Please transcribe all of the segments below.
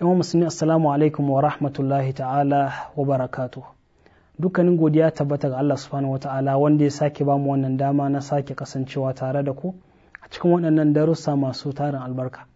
'yan musulmi assalamu alaikum wa rahmatullahi ta'ala wa barakatu dukkanin godiya tabbata ga Allah subhanahu wa ta'ala wanda ya sake ba mu wannan dama na sake kasancewa tare da ku a cikin waɗannan darussa masu tarin albarka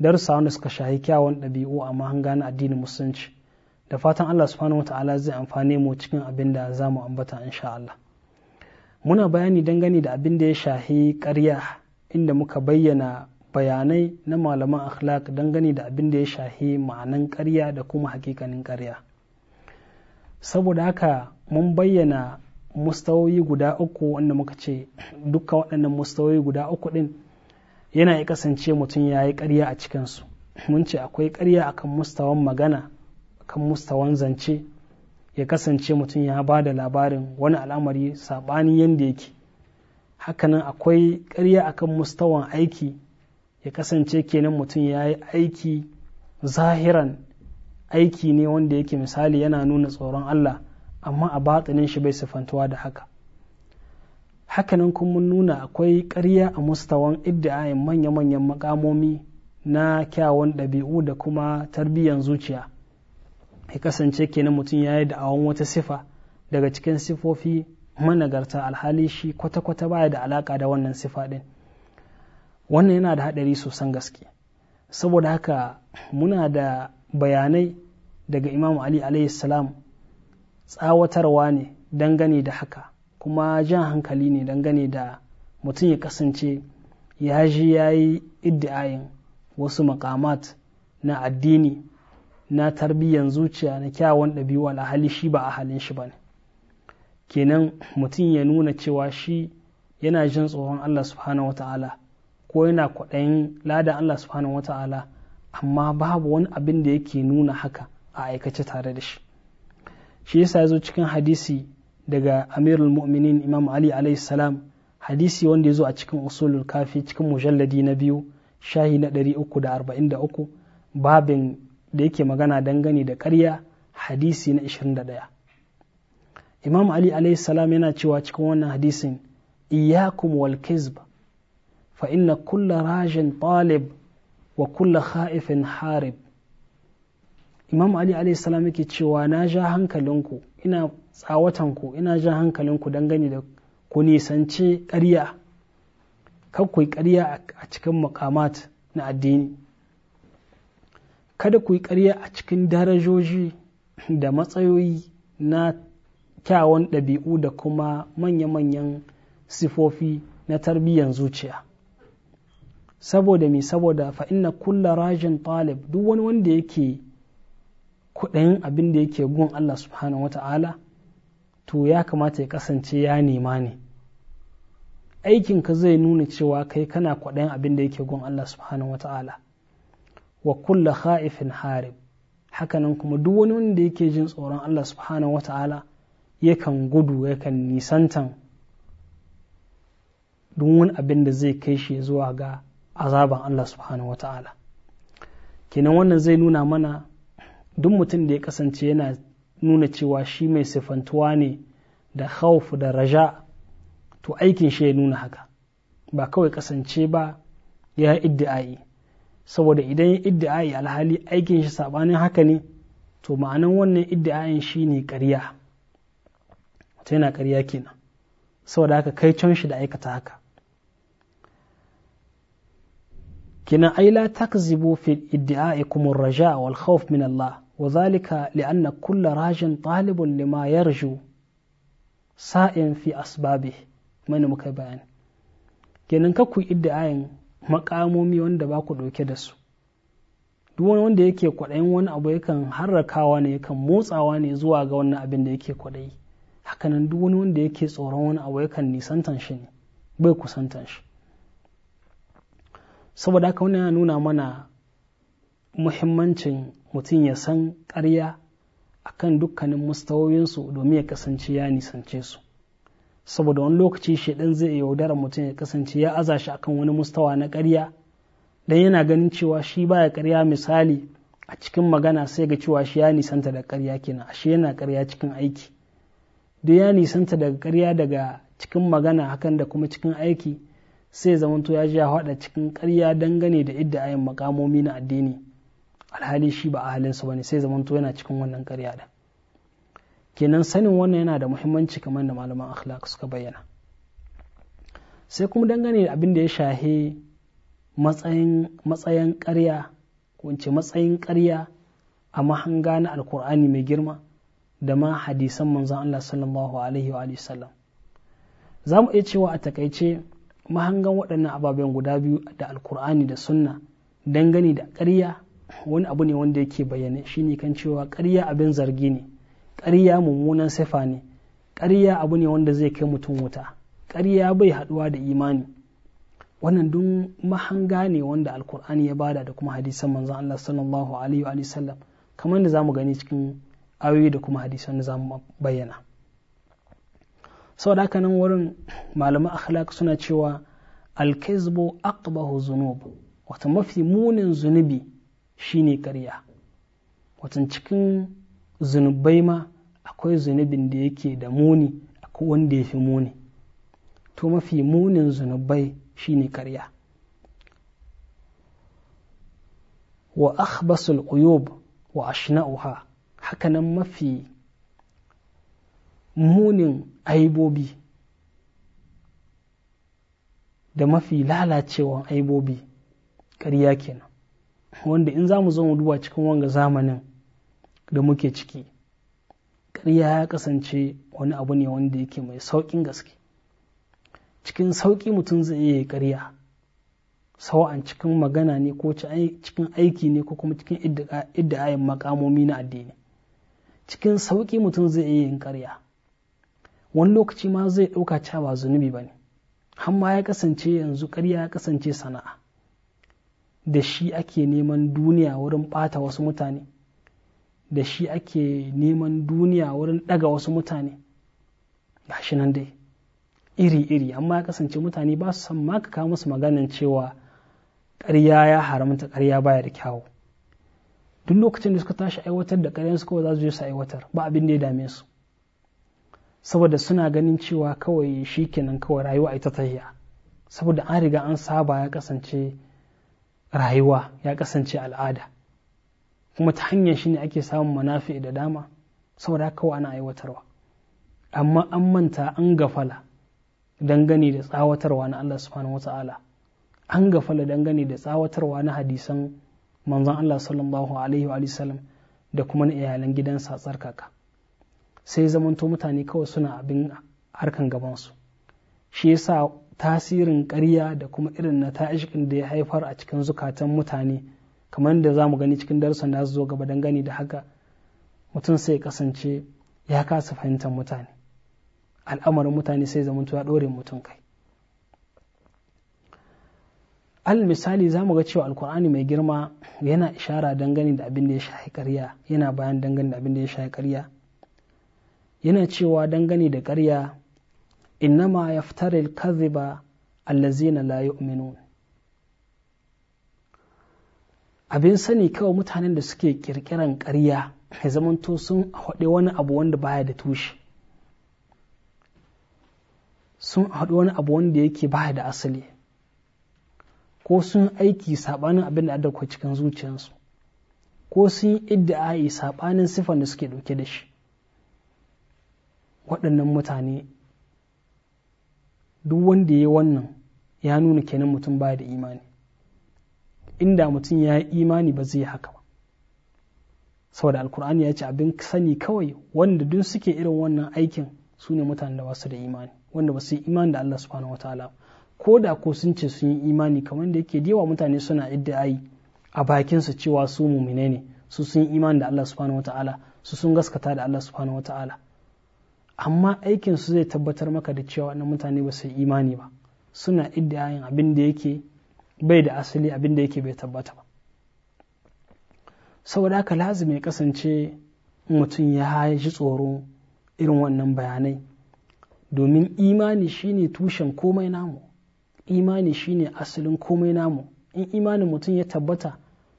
darussa wanda suka shahi kyawun ɗabi'u a mahanga na addinin musulunci da fatan Allah subhanahu wa ta'ala zai amfani mu cikin abin da za mu ambata insha Allah muna bayani dangane da abin da ya shahi karya inda muka bayyana bayanai na malaman akhlaq dangane da abin da ya shahi ma'anan ƙarya da kuma hakikanin karya. saboda haka mun bayyana mustawoyi guda uku wanda muka ce dukkan waɗannan mustawoyi guda uku ɗin yana ya kasance mutum ya yi ƙarya a cikinsu mun ce akwai ƙarya akan mustawan magana akan mustawan zance ya kasance mutum ya ba da labarin wani al'amari saɓanin yadda yake hakanan akwai ƙarya akan mustawan aiki ya kasance kenan mutum ya yi aiki zahiran aiki ne wanda yake misali yana nuna tsoron Allah amma a batsinin shi bai sifantuwa da haka hakanan kuma mun nuna akwai ƙarya a mustawan iddiayin manya-manyan makamomi na kyawun ɗabi'u da kuma tarbiyyar zuciya ya kasance kenan mutum ya yi da'awon wata sifa daga cikin sifofi managarta alhali shi kwata-kwata baya da alaka da wannan sifa ɗin wannan yana da haɗari sosan gaske saboda haka muna da bayanai daga imam ali salam tsawatarwa ne dangane da haka kuma jan hankali ne dangane da mutum ya kasance ya ji ya yi iddiayin wasu makamat na addini na tarbiyyar zuciya na kyawun ɗabi'u alhali shi ba a halin shi ba ne kenan mutum ya nuna cewa shi yana jin tsohon Allah subhanahu wa ta'ala ko yana kwaɗayin ladan Allah subhanahu ta'ala amma babu wani abin da yake nuna haka a aikace tare da shi shi yasa zo cikin hadisi daga Amirul Mu'minin Imam Ali alayhi salam hadisi wanda zo a cikin Usulul Kafi cikin mujalladi na biyu shahi na 343 babin da yake magana dangane da karya hadisi na 21 Imam Ali alayhi salam yana cewa cikin wannan hadisin iyyakum wal fa inna kulla rajin talib wa kulla kha'ifin harib imam ali alaihissalam yake cewa na ja hankalinku ina tsawatanku ina ja hankalinku dangane da ku nisanci ƙarya kar ku yi ƙarya a cikin makamat na addini kada ku yi ƙarya a cikin darajoji da matsayoyi na kyawon ɗabi'u da kuma manya-manyan sifofi na tarbiyyar zuciya saboda me saboda fa inna kulla rajin talib duk wani wanda yake kudin abin da yake gun Allah subhanahu wata'ala to ya kamata ya kasance ya nema ne aikinka zai nuna cewa kai kana kudin abin da yake gun Allah subhanahu wata'ala wa kulla kha'ifin harib hakanan kuma duk wani wanda yake jin tsoron Allah subhanahu wata'ala yakan gudu yakan nisantan duk wani abin da zai kai shi zuwa ga azaban Allah subhanahu wa ta'ala kenan wannan zai nuna mana duk mutum da ya kasance yana nuna cewa shi mai sifantuwa ne da khawf da raja to aikin shi ya nuna haka ba kawai kasance ba ya iddi'ai saboda idan ya iddi'ai alhali aikin shi sabanin haka ne to ma'anan wannan iddi'ai shi ne ƙarya ta yana ƙarya kenan saboda haka kai can shi da aikata haka كنا أي لا تكذبوا في ادعائكم الرجاء والخوف من الله وذلك لأن كل راج طالب لما يرجو fi في أسبابه muka bayani kenan ka ku iddiayin makamomi wanda ba ku ɗauke da su duk wani wanda yake kwaɗayin wani abu yakan harrakawa ne yakan motsawa ne zuwa ga wannan abin da yake kwaɗayi hakanan duk wani wanda yake tsoron wani abu yakan nisantan shi ne bai kusantan shi saboda haka wani yana nuna mana muhimmancin mutum ya san karya a kan dukkanin mustawoyinsu domin ya kasance ya nisance su saboda wani lokaci shaidan zai yaudara mutum ya kasance ya aza shi akan wani mustawa na karya dan yana ganin cewa shi baya karya misali a cikin magana sai ga cewa shi ya nisanta da ƙarya kenan ashe yana karya cikin aiki duk ya nisanta daga karya daga cikin magana hakan da kuma cikin aiki sai zamanto ya ji ya haɗa cikin ƙarya dangane da idda ayin makamomi na addini alhali shi ba a halinsu ba ne sai zamanto yana cikin wannan ƙarya da kenan sanin wannan yana da muhimmanci kamar da malaman akhlaq suka bayyana sai kuma dangane da abin da ya shahe matsayin matsayin ƙarya ko in matsayin ƙarya a mahanga na alkur'ani mai girma da ma hadisan manzon Allah sallallahu alaihi wa sallam za mu iya cewa a takaice mahangan waɗannan ababen guda biyu da alkur'ani da sunna dangane da ƙarya wani abu ne wanda yake bayyane shine kan cewa ƙarya abin zargi ne ƙarya mummunan sifa ne ƙarya abu ne wanda zai kai mutum wuta ƙarya bai haɗuwa da imani wannan dun mahanga ne wanda alkur'ani ya bada da kuma hadisan manzon Allah sallallahu alaihi wa sallam kamar da zamu gani cikin ayoyi da kuma hadisan da zamu bayyana Sau haka nan wurin malaman akhlaq suna cewa alkizbu aqbahu zunub wata mafi munin zunubi shine ƙarya watan cikin zunubai ma akwai zunubin da yake da muni akwai wanda ya fi muni to mafi munin zunubai shine ƙarya wa akhbasul uyub wa ashna'uha hakanan mafi munin aibobi da mafi lalacewan aibobi karya kenan wanda in za mu zo mu duba cikin wanga zamanin da muke ciki ƙarya ya kasance wani abu ne wanda yake mai sauƙin gaske cikin sauƙi mutum zai iya ƙarya sawa'an cikin magana ne ko cikin aiki ne ko kuma cikin idda'ayin makamomi na addini cikin sauƙi mutum zai iya yin ƙarya wani lokaci ma zai ɗauka cewa ba zunubi ba ne hamma ya kasance yanzu karya ya kasance sana'a da shi ake neman duniya wurin ɓata wasu mutane da shi ake neman duniya wurin ɗaga wasu mutane ga shi nan dai iri-iri amma ya kasance mutane ba su san ma ka kawo musu maganin cewa ƙarya ya haramta karya baya da kyawu duk lokacin da suka tashi aiwatar da ƙaryan su kawai za su je su aiwatar ba abin da ya dame su saboda suna ganin cewa kawai shi kenan kawai rayuwa ita tahiya saboda an riga an saba ya kasance rayuwa ya kasance al'ada kuma ta hanyar shi ne ake samun manafi da dama saboda kawai ana aiwatarwa amma an manta an gafala dangane da tsawatarwa na Allah subhanahu wata'ala an gafala dangane da tsawatarwa na hadisan manzon Allah sallallahu alaihi wa da kuma na iyalan gidansa tsarkaka sai zamanto mutane kawai suna abin harkan gabansu shi yasa tasirin karya da kuma irin na ta'ashikin da ya haifar a cikin zukatan mutane kamar da za mu gani cikin darsan da zo gaba dangane da haka mutum sai kasance ya kasa fahimtar mutane al'amarin mutane sai zamanto ya ɗore mutum kai al misali za mu ga cewa alkur'ani mai girma yana ishara dangane da abin da ya shahi ƙarya yana bayan dangane da abin da ya shahi karya. yana cewa dangane da ƙarya innama yaftaril kadhiba allazina la yu'minun abin sani kawai mutanen da suke kirkiran ƙarya ya zamanto sun haɗe wani abu wanda baya da tushe sun haɗu wani abu wanda yake baya da asali ko sun aiki saɓanin abin da adakwai cikin zuciyarsu ko sun yi idda saɓanin siffar da suke ɗauke da shi waɗannan mutane duk wanda ya yi wannan ya nuna kenan mutum baya da imani inda mutum ya yi imani ba zai haka ba saboda alkur'ani ya ce abin sani kawai wanda duk suke irin wannan aikin su ne mutanen da ba su da imani wanda ba su yi imani da Allah subhanahu wataala ko da ko sun ce sun yi imani kamar da yake yawa mutane suna ayi a bakin su cewa su mumine ne su sun yi imani da Allah subhanahu wataala su sun gaskata da Allah subhanahu wataala amma aikinsu zai tabbatar maka da cewa wannan mutane ba su yi imani ba suna iddiyayin abin da yake bai da asali abin da yake bai tabbata ba saboda haka lazumi ya kasance mutum ya ji tsoro irin wannan bayanai domin imani shine tushen komai namu imani shine asalin komai namu in imanin mutum ya tabbata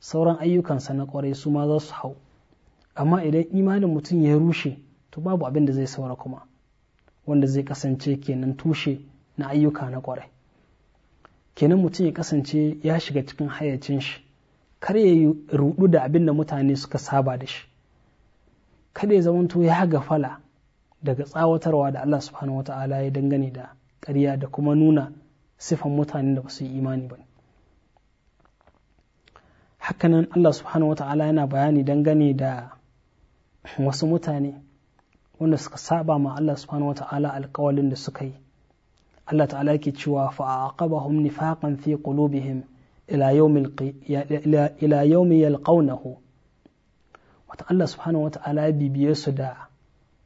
sauran ayyukansa na kwarai su ma za su hau amma idan imanin mutum ya rushe to babu abin da zai saura kuma wanda zai kasance kenan tushe na ayyuka na kwarai kenan mutum ya kasance ya shiga cikin hayyacin shi kar ya yi rudu da abin da mutane suka saba da shi kada ya zamanto ya gafala daga tsawatarwa da Allah subhanahu wata'ala ya dangane da ƙarya da kuma nuna sifan mutane da basu yi imani ba hakanan Allah subhanahu wata'ala yana bayani dangane da wasu mutane wanda suka saba ma Allah subhanahu wata'ala alƙawalin da suka yi Allah ta'ala yake cewa fa'aqabahum nifaqan fi qulubihim ila yawmil ila yawmi yalqawnahu wata Allah subhanahu wata'ala ya bibiye su da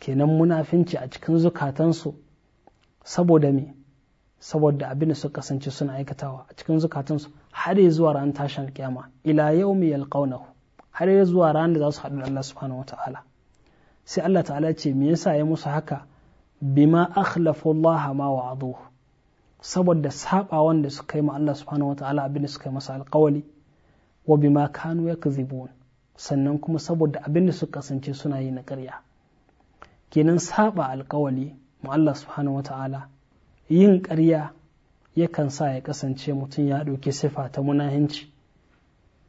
kenan munafinci a cikin zukatansu saboda me saboda abin da suka kasance suna aikatawa a cikin zukatansu har zuwa ranar tashin kiyama ila yawmi yalqawnahu har zuwa ranar da za su haɗu da Allah subhanahu wata'ala sai Allah ta'ala ce me yasa ya musu haka bima akhlafu Allah ma wa'adu saboda saba wanda suka yi ma Allah subhanahu wataala abin da suka yi masa alƙawali wa bima kanu yakzibun sannan kuma saboda abin da suka kasance suna yi na ƙarya kenan saba alƙawali ma Allah subhanahu wataala yin ƙarya yakan sa ya kasance mutum ya ɗauki sifa ta munahinci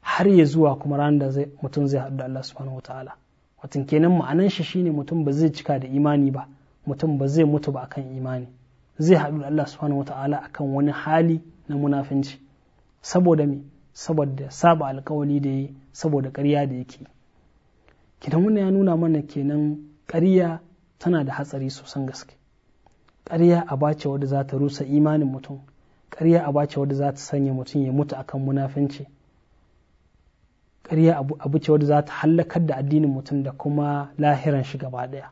har ya zuwa kuma ranar da mutum zai haɗu da Allah subhanahu wataala watan kenan ma'anan shi shine mutum ba zai cika da imani ba mutum ba zai mutu ba akan imani zai haɗu da Allah subhanahu wata'ala akan wani hali na munafinci saboda me saboda saba alƙawali da yi saboda ƙarya da yake kidan wannan ya nuna mana kenan ƙarya tana da hatsari sosan gaske ƙarya a bace wadda za ta rusa imanin mutum ƙarya a bace wadda za ta sanya mutum ya mutu akan munafinci karya abu ce wadda za ta hallakar da addinin mutum da kuma lahiran shi gaba ɗaya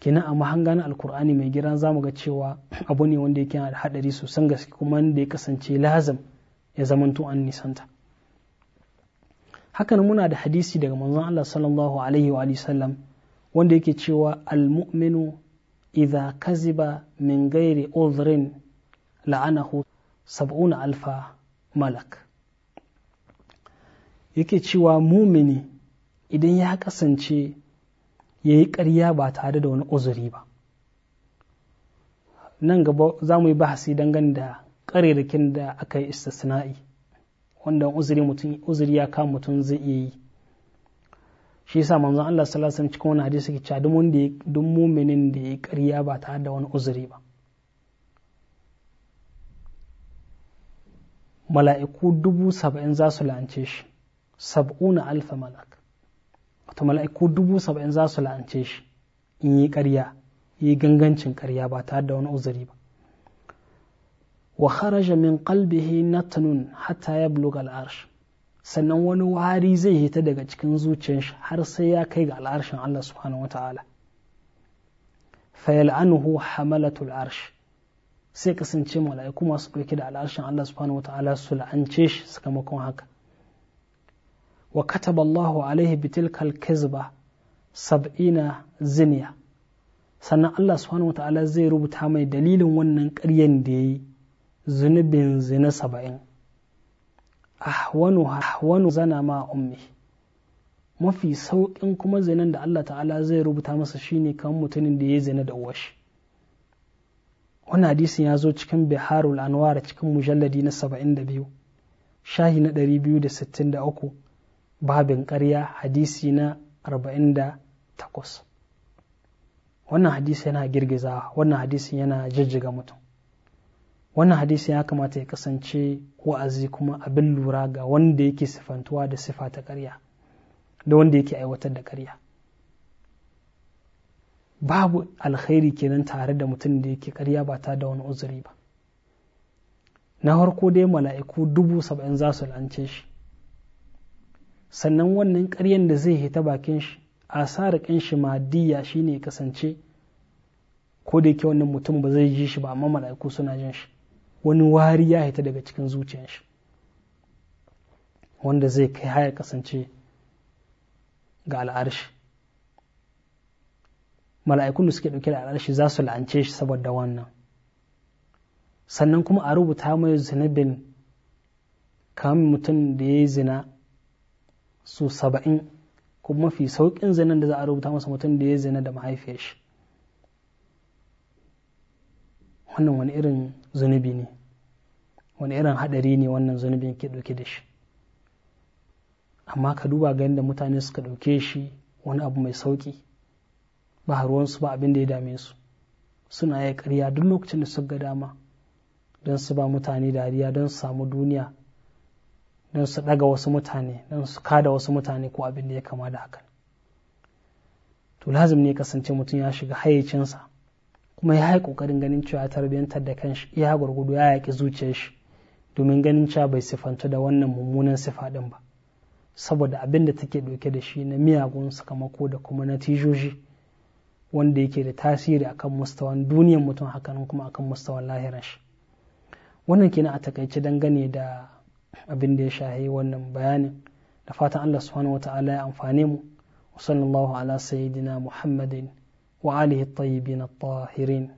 kina amma hangana alkur'ani mai giran za mu ga cewa abu ne wanda yake da haɗari sosan gaske kuma wanda ya kasance lazim ya zamanto an nisanta hakan muna da hadisi daga manzon Allah sallallahu alaihi wa sallam wanda yake cewa almu'minu idza kaziba min ghairi udhrin la'anahu sab'una alfa malak yake cewa mumini idan ya kasance ya yi ƙarya ba tare da wani uzuri ba nan gaba za mu yi bahasi dangane da ƙarerakin da aka yi istisna'i wanda uzuri ya kama mutum zai iya yi shi yasa manzon Allah sallallahu alaihi cikin wani hadisi ke cewa wanda duk muminin da ya karya ba tare da wani uzuri ba mala'iku dubu saba'in za su la'ance shi sab'una alfa malak wato mala'iku dubu saba'in za su la'ance shi in yi ƙarya yi gangancin karya ba tare da wani uzuri ba wa kharaja min qalbihi natnun hatta yabluga al'arsh sannan wani wari zai hita daga cikin zuciyar shi har sai ya kai ga al'arshin Allah subhanahu wata'ala fayal'anuhu hamalatul arsh sai kasance mala'iku masu ɗauke da al'arshin Allah subhanahu wata'ala su la'ance shi sakamakon haka wa kataba Allahu alaihi bitilkal kizba sab'ina ziniya sannan Allah subhanahu zai rubuta mai dalilin wannan ƙaryan da ya yi zunubin zina saba'in ahwanu ahwanu zana ma ummi mafi sauƙin kuma zinan da Allah ta'ala zai rubuta masa shine kan mutumin da ya zina da uwashi wani hadisin ya zo cikin biharul anwar cikin mujalladi na 72 shahi na ɗari da uku. babin karya hadisi na 48 wannan hadisi yana girgiza wannan hadisi yana jijjiga mutum wannan hadisi ya kamata ya kasance wa'azi kuma abin lura ga wanda yake sifantuwa da sifa ta ƙarya da wanda yake aiwatar da karya. babu alkhairi kenan tare da mutum da yake karya ba ta da wani uzuri ba na harko dai mala'iku dubu saba'in za su lance shi sannan wannan ƙaryan da zai hita bakin shi a ƙin shi shi shine kasance ko da yake wannan mutum ba zai ji shi ba amma mala'iku suna jin shi wani wari ya hita daga cikin zuciyar shi wanda zai kai haya kasance ga al'arshi mala'ikun da suke ɗauke da al'arshi za su la'ance shi saboda wannan sannan kuma a rubuta mai zinabin kamin mutum da ya yi zina su saba'in kuma mafi sauƙin zinan da za a rubuta masa mutum da ya zina da mahaifiyar shi wannan wani irin zunubi ne wani irin haɗari ne wannan zunubin ke ɗauke da shi amma ka duba ga da mutane suka ɗauke shi wani abu mai sauƙi ba ruwansu ba abin da ya dame su suna ya ƙarya duk lokacin da suka ga dama don su ba mutane dariya don su samu duniya don su ɗaga wasu mutane don su kada wasu mutane ko abin da ya kama da hakan to lazim ne kasance mutum ya shiga hayyacinsa kuma ya yi ƙoƙarin ganin cewa ya tarbiyyantar da kanshi ya gwargwado ya yaƙi zuciyar shi domin ganin cewa bai sifanta da wannan mummunan sifa ɗin ba saboda abin da take ɗauke da shi na miyagun sakamako da kuma na tijoji wanda yake da tasiri akan mustawan duniyar mutum hakanan kuma akan mustawan lahirar shi wannan kenan a takaice dangane da abin da ya shahi wannan bayanin da fatan Allah subhanahu wa ta'ala ya amfane mu wa sallallahu ala sayyidina muhammadin wa alihi at-tayyibin at-tahirin